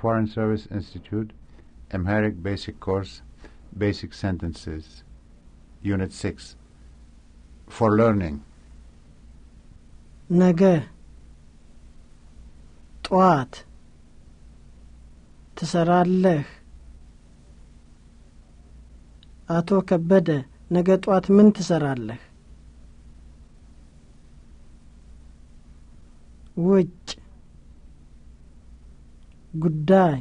Foreign Service Institute Amharic Basic Course Basic Sentences Unit 6 For Learning Naga Twat ትሰራለህ? አቶ ከበደ ነገ ጧት ምን ትሰራለህ? ውጭ ጉዳይ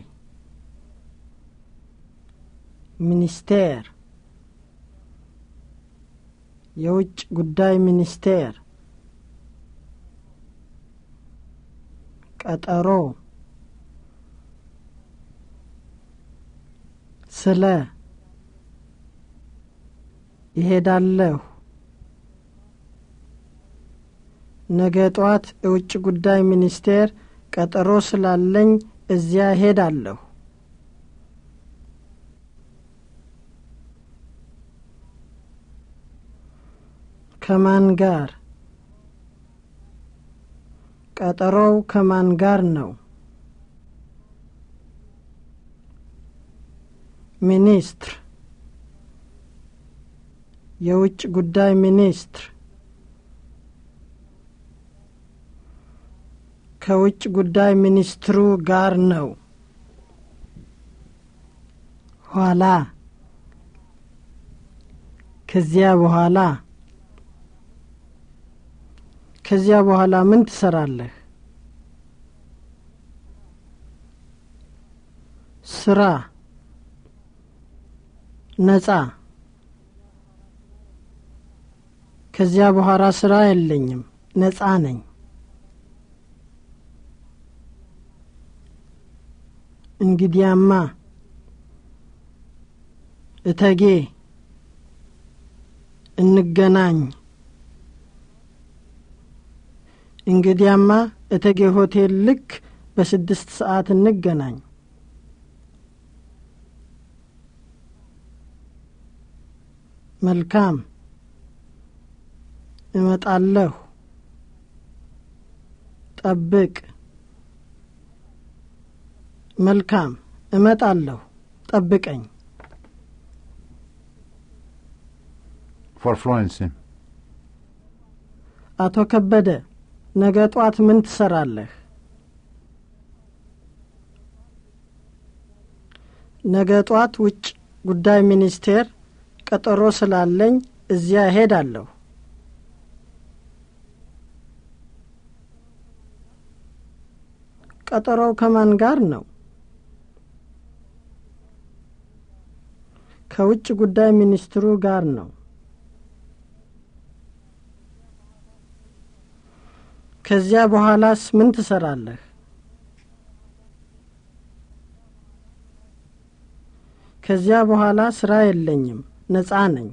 ሚኒስቴር የውጭ ጉዳይ ሚኒስቴር ቀጠሮ ስለ ይሄዳለሁ ነገ ጠዋት የውጭ ጉዳይ ሚኒስቴር ቀጠሮ ስላለኝ እዚያ ሄዳለሁ። ከማን ጋር? ቀጠሮው ከማን ጋር ነው? ሚኒስትር የውጭ ጉዳይ ሚኒስትር ከውጭ ጉዳይ ሚኒስትሩ ጋር ነው። ኋላ ከዚያ በኋላ ከዚያ በኋላ ምን ትሰራለህ? ስራ ነጻ። ከዚያ በኋላ ስራ የለኝም፣ ነጻ ነኝ። እንግዲያማ እተጌ እንገናኝ። እንግዲያማ እተጌ ሆቴል ልክ በስድስት ሰዓት እንገናኝ። መልካም እመጣለሁ። ጠብቅ። መልካም፣ እመጣለሁ። ጠብቀኝ። ፎር ፍሎረንስ አቶ ከበደ ነገ ጧት ምን ትሰራለህ? ነገ ጧት ውጭ ጉዳይ ሚኒስቴር ቀጠሮ ስላለኝ እዚያ እሄዳለሁ። ቀጠሮው ከማን ጋር ነው? ከውጭ ጉዳይ ሚኒስትሩ ጋር ነው። ከዚያ በኋላስ ምን ትሰራለህ? ከዚያ በኋላ ስራ የለኝም፣ ነጻ ነኝ።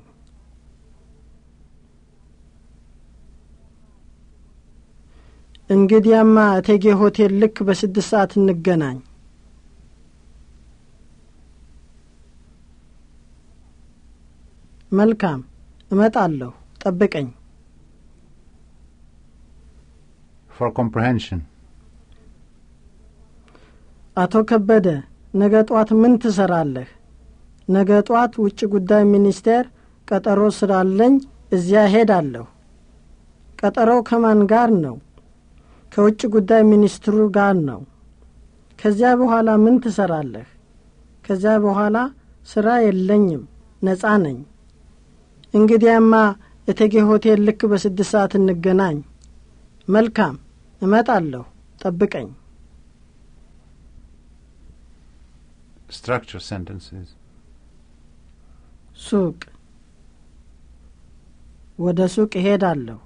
እንግዲያማ እቴጌ ሆቴል ልክ በስድስት ሰዓት እንገናኝ። መልካም፣ እመጣለሁ። ጠብቀኝ። ፎር ኮምፕሬንሽን አቶ ከበደ ነገ ጠዋት ምን ትሰራለህ? ነገ ጠዋት ውጭ ጉዳይ ሚኒስቴር ቀጠሮ ስላለኝ እዚያ ሄዳለሁ። ቀጠሮው ከማን ጋር ነው? ከውጭ ጉዳይ ሚኒስትሩ ጋር ነው። ከዚያ በኋላ ምን ትሰራለህ? ከዚያ በኋላ ስራ የለኝም፣ ነጻ ነኝ። እንግዲያማ እቴጌ ሆቴል ልክ በስድስት ሰዓት እንገናኝ። መልካም እመጣለሁ፣ ጠብቀኝ። ሱቅ ወደ ሱቅ እሄዳለሁ።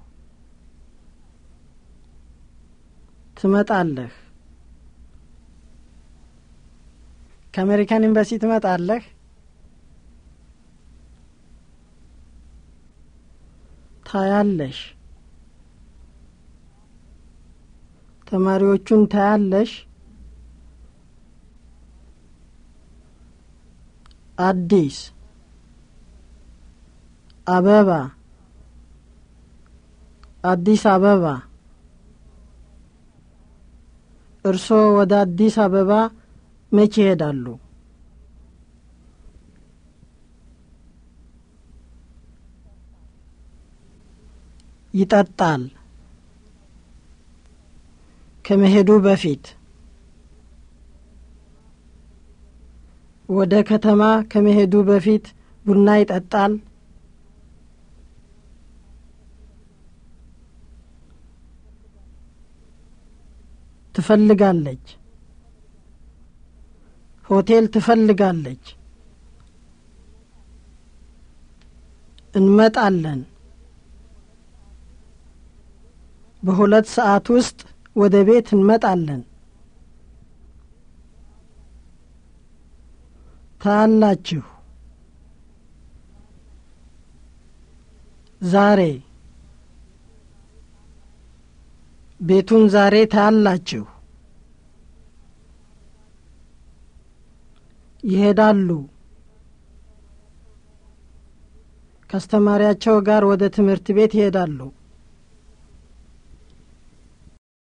ትመጣለህ። ከአሜሪካን ኤምባሲ ትመጣለህ። ታያለሽ ተማሪዎቹን ታያለሽ አዲስ አበባ አዲስ አበባ እርስዎ ወደ አዲስ አበባ መቼ ይሄዳሉ ይጠጣል። ከመሄዱ በፊት ወደ ከተማ ከመሄዱ በፊት ቡና ይጠጣል። ትፈልጋለች። ሆቴል ትፈልጋለች። እንመጣለን። በሁለት ሰዓት ውስጥ ወደ ቤት እንመጣለን። ታያላችሁ። ዛሬ ቤቱን ዛሬ ታያላችሁ። ይሄዳሉ። ከአስተማሪያቸው ጋር ወደ ትምህርት ቤት ይሄዳሉ።